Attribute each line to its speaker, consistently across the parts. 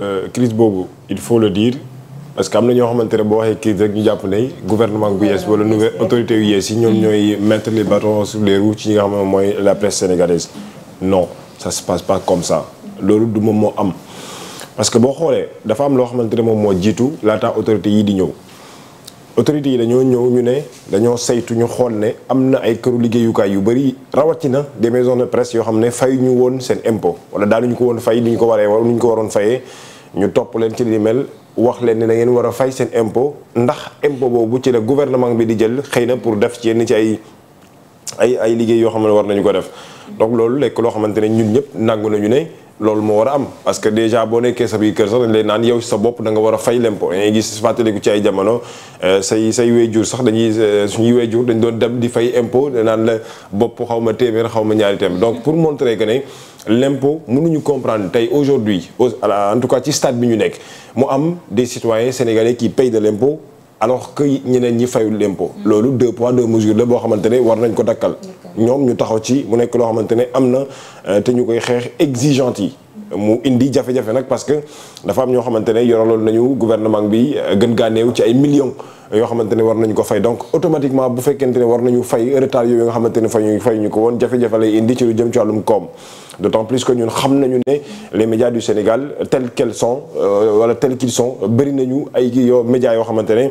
Speaker 1: Euh, crise boobu il faut le dire parce que am na ñoo xamante ne boo waxee crise rek ñu jàpp ne gouvernement bu yees wala nouvelle autorité yu yees yi ñoom ñooy mettre les bâtons sur les roues ci nga xam mooy la presse sénégalaise non sa se passe pas comme ça loolu du moom moo am parce que boo xoolee dafa am loo xamante ne moom moo jiitu laataa autorité yi di ñëw autorités yi dañoo ñëw ñu ne dañoo saytu ñu xool ne am na ay këru liggéeyukaay yu bëri rawatina des maisons de presse yoo xam ne fay ñu woon seen impôt wala daanuñu ko woon fay ni ñu ko waree wala ni ko waroon fayee ñu topp leen ci li mel wax leen ne da ngeen war a fay seen impo ndax impôt boobu ci la gouvernement bi di jël xëy na pour def ci yenn ci ay ay ay liggéey yoo xam ne war nañu ko def donc loolu lekk loo xamante ne ñun ñëpp nangu nañu ne loolu moo war a am parce que déjà boo nekkee sa biir kër sax dañ lay naan yow sa bopp da war a fay lempo dañuy gis fàttaliku ci ay jamono sa euh, say wéjur sax dañuy euh, suñuy wéjur dañ doon dem di fay impôt da naan la bopp xaw ma téeméer xaw ma ñaari téeméer donc pour montrer que ne l'impôt mënuñu comprendre tey aujourd'hui en tout cas ci stade bi ñu nekk mu am des citoyens sénégalais qui payent de l'impôt alors que ñeneen ñi fayul l'impôt loolu deux poids de mesures la boo xamante ne war nañ ko dakkal ñoom ñu taxaw ci mu nekk loo xamante ne am na euh, te ñu koy xeex exigeante yi mu indi jafe-jafe nag parce que dafa am ñoo xamante ne yoraloon nañu gouvernement bi euh, gën gaa ci ay million yoo xamante ne war nañu ko fay donc automatiquement bu fekkente ne war nañu fay retard yooyu nga xamante ne fay fay ñu ko woon jafe-jafe lay indi ci lu jëm ci wàllum koom que ñun xam nañu ne les médias du Sénégal tels qu'ils sont euh, wala tels qu'ils sont bëri nañu ay yoo médias yoo xamante ne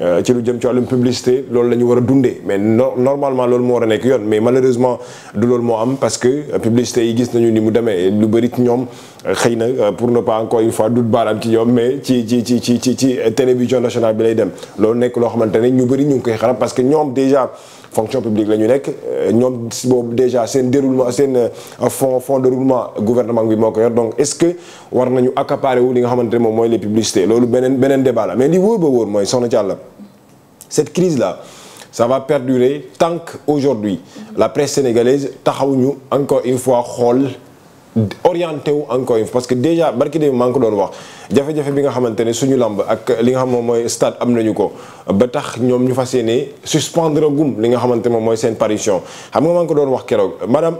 Speaker 1: euh, ci lu jëm ci wàllum publicité loolu la ñu war a dundee mais normalement loolu moo war a nekk yoon mais malheureusement du loolu moo am parce que euh, publicité yi gis nañu ni mu demee lu bëri ci ñoom xëy na pour ne pas encore une fois dut baaraam ci ñoom mais ci ci ci ci ci ci télévision nationale bi lay dem nekk loo xamante ne ñu bëri ñu ngi koy xarab parce que ñoom déjà fonction publique la ñu nekk euh, ñoom boobu déjà seen déroulement seen euh, fond fond de roulement gouvernement bi moo ko yor donc est-ce que war nañu accaparer wu li nga xamante ne moom mooy les publicités loolu beneen beneen débat la mais li wóor ba wóor mooy soxna Thialla cette crise là ça va perdurer tant qu'aujourd'hui la presse sénégalaise taxawuñu encore une fois xool orienté wu encore une parce que déjà barki de maa ngi ko doon wax jafe-jafe bi nga xamante ne suñu làmb ak li nga xam moom mooy stade am nañu ko ba tax ñoom ñu fas yéene suspendre gum li nga xamante moom mooy seen parution xam nga maa ngi ko doon wax keroog madame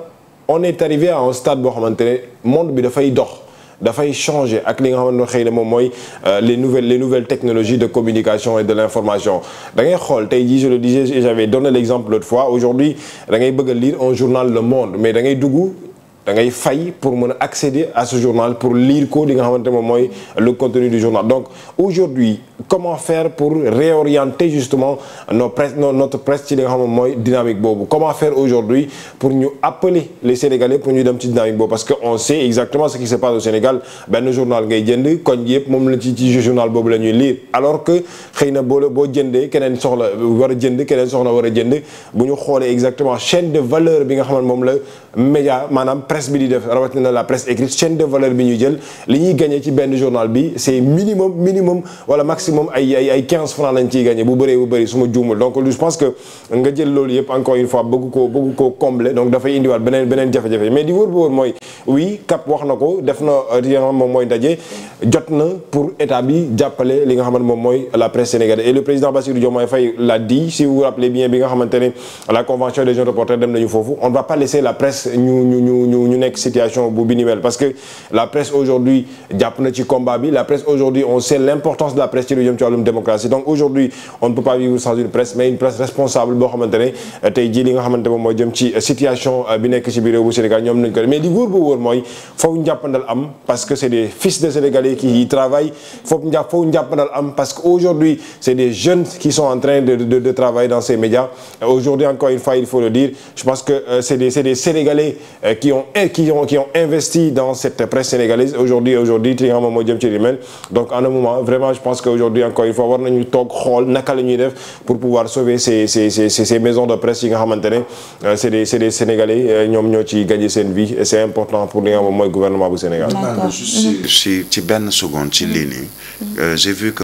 Speaker 1: on est arrivé à un stade boo xamante ne monde bi dafay dox dafay changer ak li nga xamante ne xëy na moom mooy euh, les nouvelles les nouvelles technologies de communication et de l'information da xool tey jii je le disais j'avais donné l'exemple l'autre fois aujourd'hui da ngay bëgg a mais da ngay da ngay fay pour mën a accéder à ce journal pour lire ko li nga xamante moom mooy le contenu du journal donc aujourd'hui comment faire pour réorienter justement nos presse notre presse ci li nga xam mooy dynamique boobu comment faire aujourd'hui pour ñu appeler les Sénégalais ñu dem ci dynamique boobu parce que on sait exactement ce qui se passe au Sénégal benn journal ngay jënd koñ yëpp moom la ci boobu la ñuy lire alors que xëy na boo jëndee keneen soxla war a jënd keneen soxla war a jënd bu ñu xoolee exactement chaîne de bi nga xam ne moom la média maanaam presse bi di def rawatina la bi ñu jël li ñuy gagné ci benn journal bi c'est minimum minimum wala maximum ay ay ay 15 francs lañ bu bëree bu bëri su ma donc je pense que nga jël loolu yëpp encore une fois bëgg koo bëgg donc dafay indiwaat beneen jafe-jafe mais di wóor bu mooy oui CAP wax na ko def na euh, moom mooy ndaje jot na pour état jàppale li nga xamante moom mooy la presse sénégalaise et le président Bassirou Diomaye Faye l'a dit ñu nekk situation bu bi parce que la presse aujourd'hui jàpp na ci combat bi la presse aujourd'hui on sait l'importance de la presse ci lu jëm ci wàllum démocratie donc aujourd'hui on ne peut pas vivre sans une presse mais une presse responsable boo xamante tey jii li nga xamante moom ci situation euh, bi ci biir bu Sénégal ñoom nañ ko mais li wóor bu wóor mooy foofu am parce que c'est des fils de Sénégalais qui y travaillent foofu njàpp foofu njàppandal am qui ont qui ont investi dans cette presse sénégalaise aujourd'hui aujourd'hui li nga xam donc en un moment vraiment je pense que aujourd'hui encore une fois war nañu toog xool naka la ñuy def pour pouvoir sauver ces ces ces ces maisons de presse yi nga xamante ne c'est des c'est des sénégalais ñoom ñoo ci gagné seen vie et c'est important pour li nga xam mooy gouvernement bu Sénégal. d'accord ci ci benn seconde ci lii nii. j'ai vu que